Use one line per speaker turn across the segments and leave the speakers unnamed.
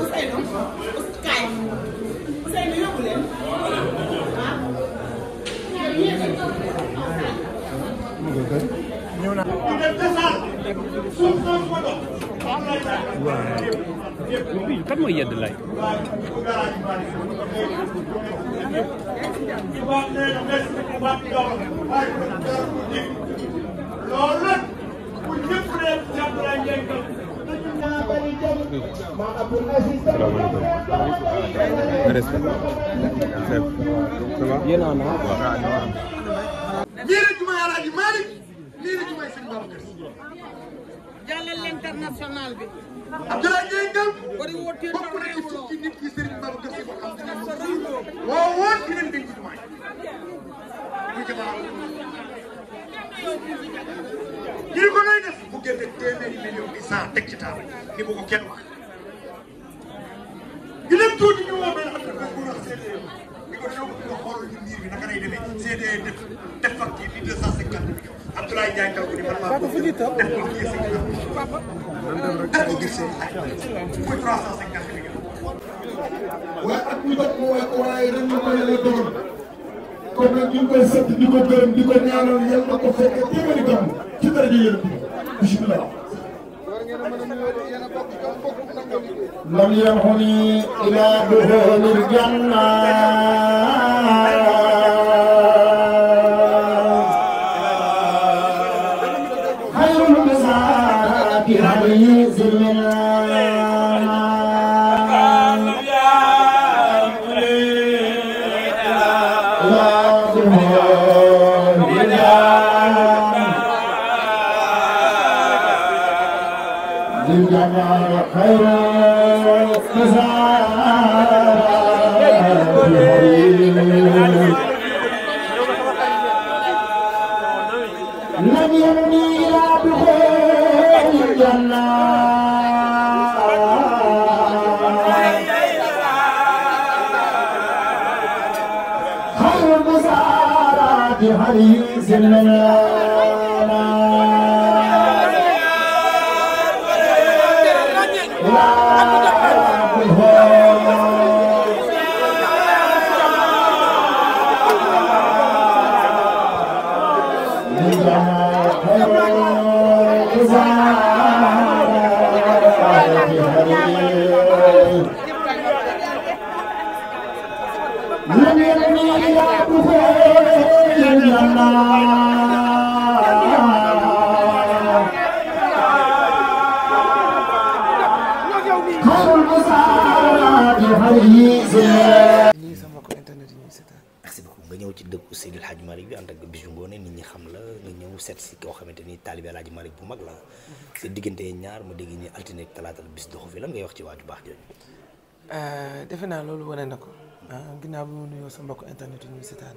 Useno. Usikhayi. Useno yokule. Okay. Nyona. Wow. Kan mo yedd lay. Loolu ku ñëpp leen jàpp la ngeen
salaamaaleykum. lii la jumaa Alaaji Maalik
lii la jumaa Sëñ Babacar Si. jàllal l'international bi. Abdoulaye
Ndiaye Ngam. bokk na ci fukki nit yi Sëriñ Babacar Si boo xam ne moom. waaw waaw dinañ denc jumaa yi.
ñu ni ko nooy def mu génne téeméeri million bi sans teg ci taabal ni bu ko kenn wax ñu dem tuuti ñu woo benn affaire boobu wax CDE ni ko ñëw nga xoolal
ñu mbir bi naka lay demee CDE def def facture bi deux cent cinquante millions Abdoulaye Ndiaye taw bi ni man maa ko def ko ngir seen def ko ngir seen muy trois cent cinquante millions waaye ak ñu jot mu waaye ren
ñu may la doon kon nag ñu ngi koy sant di ko gërëm di ko ñaanal yal na ko fekke téeméeri gàmm ci dara ji yéen bismillah lam
yahuni ila duhulil janna
للجمال خير تزار لم يرمي إلى بخير الجنة خير مسارات حريص المنام merci beaucoup nga ñëw ci dëkku Seydil Hadj Malick bi ànd ak Bijou Ngoné nit ñi xam la nga ñëw set si koo xamante ni taalibe Hadj Malick bu mag la sa diggante yi ñaar ma dégg nii altine ak talaata la bis doxu fi lan ngay wax ci waaju baax
euh, defe naa loolu wane na ko ah, ginnaaw bi mu nuyoo sa mbokk internet yi ñuy seetaan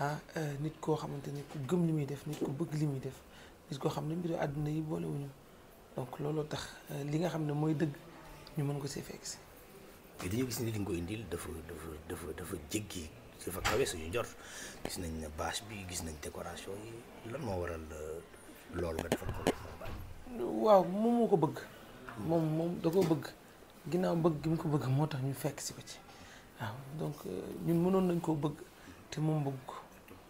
ah euh, nit koo xamante ni ku gëm li muy def nit bëgg li muy def nit koo xam ne mbiru àdduna yi boolewuñu donc looloo tax euh, li nga xam ne mooy dëgg ñu mën ko see si.
mais dañoo gis ni li nga ko indil dafa dafa dafa dafa suñu njort gis nañ ne bâche bi gis nañ décoration lan moo waral euh, loolu nga
waaw moom moo ko bëgg. moom moom da bëgg ginnaaw bëgg gi ko bëgg moo tax ñu fekk si ko ci waaw donc ñun mënoon nañ koo bëgg te moom bëgg ko.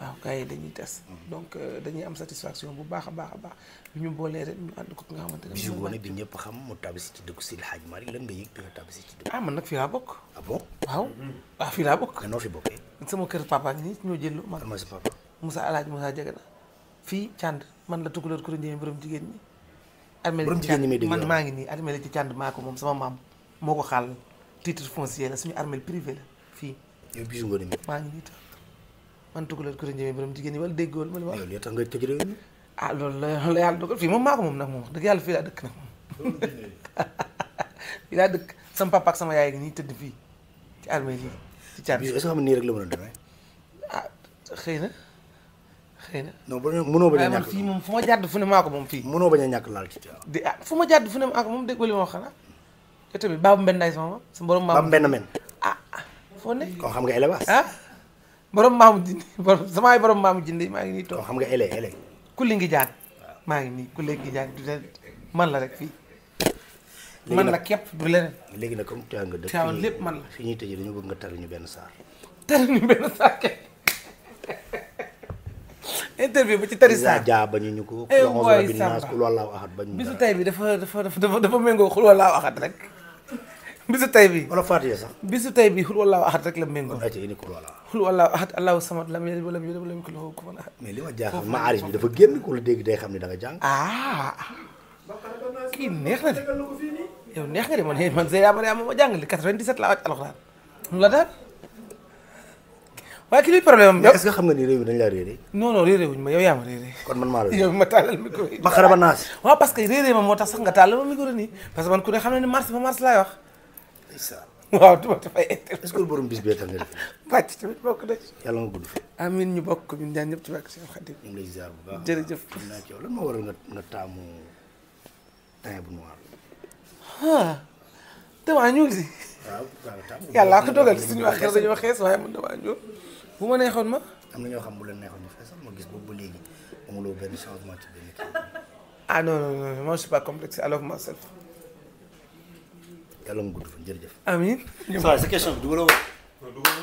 waaw gars yi dañuy test. Mm-hmm. donc euh, dañuy am satisfaction bu baax a baax a baax bu ñu boolee rek ñu ànd ko nga xamante ne. bisu ngoone bi ñëpp xam mu
tabisi ci dëkku Seydi Hadji Malick lan nga yëg bi nga tabisi
ci ah, bokk. ah bon waaw. Mm-hmm. Ah, bokk. noo fi bokkee. sama kër papa ak ñoo jël ma. mooy sa papa. Moussa Alaaji Moussa Diagana fii Thiand man la tukulóor kuréel njëriñ borom jigéen ñi. borom jigéen ñi man maa ngi nii armeel ci Thiand maa ko moom sama maam moo ko xaal titre foncier la suñu armeel privé la fii. yow bisu maa ngi nii man tukuleel kuréel njëmee borom jigéen ñi wala déggoon ma ne yow li tax ngay tëj réew mi. ah loolu la yàlla yalla dogal fi mom mako mom nak mom moom dëgg yàlla fii laa dëkk nag fi la laa dëkk sama papa ak sama yaay gi ñuy tëdd fii ci armée lii ci caabi. bi est-ce que
xam ne rek la mëna a
ah xeyna xeyna no na. non
bu mënoo bañ ah, ñak fi
mom fuma jadd fu ne mako mom fi fii. mënoo bañ ñak laal ci. di ah fu ma fu ne mako mom moom mo xana ma wax babu yow sama sama borom babu mbenn ah fo ne. ko xam nga élevage ah. borom maamu jindi borom samay borom maamu jindi maa ngi nii toog. xam nga ele ele. kulli ngi jaan. maa ngi nii kulli ngi jaan du leen man la rek fii. man la képp du leneen.
léegi nag comme Tivaouane nga dëkk. Tivaouane lépp man la fi ñuy tëjee dañu bëgg nga taru ñu benn saar. taru ñu benn interview bu ci tari saar jaa bañu ñu ko. Eh, ay waay samba ku loolu laa waxat
bi dafa dafa dafa dafa méngoo xul wala waxat rek. bisu tay bi wala Fatia ahad rek la méngoo xul wallaahu ahad allahu samad lam dafa
génn ko la dégg xam ne da jàng
ah, ah kii neex na de man man Zeyda Mariama ma jàng li 97 laa wàcc alxuraan mu la daal waaye ki luy problème am yow est-ce que xam nga ni réew mi dañ laa réeré non non naas waaw parce que ma moo tax sax nga taalal ma micro nii parce que man ku xam ne ni mars ba mars laay wax incha allah waaw du ma dafay intérêt. est ce que borom bis bee tam ne pàcc tamit bokk na ci. yàlla nga gudd fa. amiin ñu bokk ñun ñaan ñëpp ci wàllu seen xarit. ñu ngi lay ziar
bu baax jërëjëf. xam naa ci yow lan moo waral nga nga taamu teint bu noir.
ah damaa ñuul si. waaw waaw taamu. yàlla ko dogal suñu wax xel dañoo xees waaye man damaa ñuul bu ma neexoon ma. am na ñoo xam bu leen neexoon ñu fees ma gis boobu ba léegi amuloo benn changement ci benn kii. ah non non non moi je suis pas complexe alors myself
yàlla mu gudd fa jërëjëf. amiin. sa question bi du ma la wax.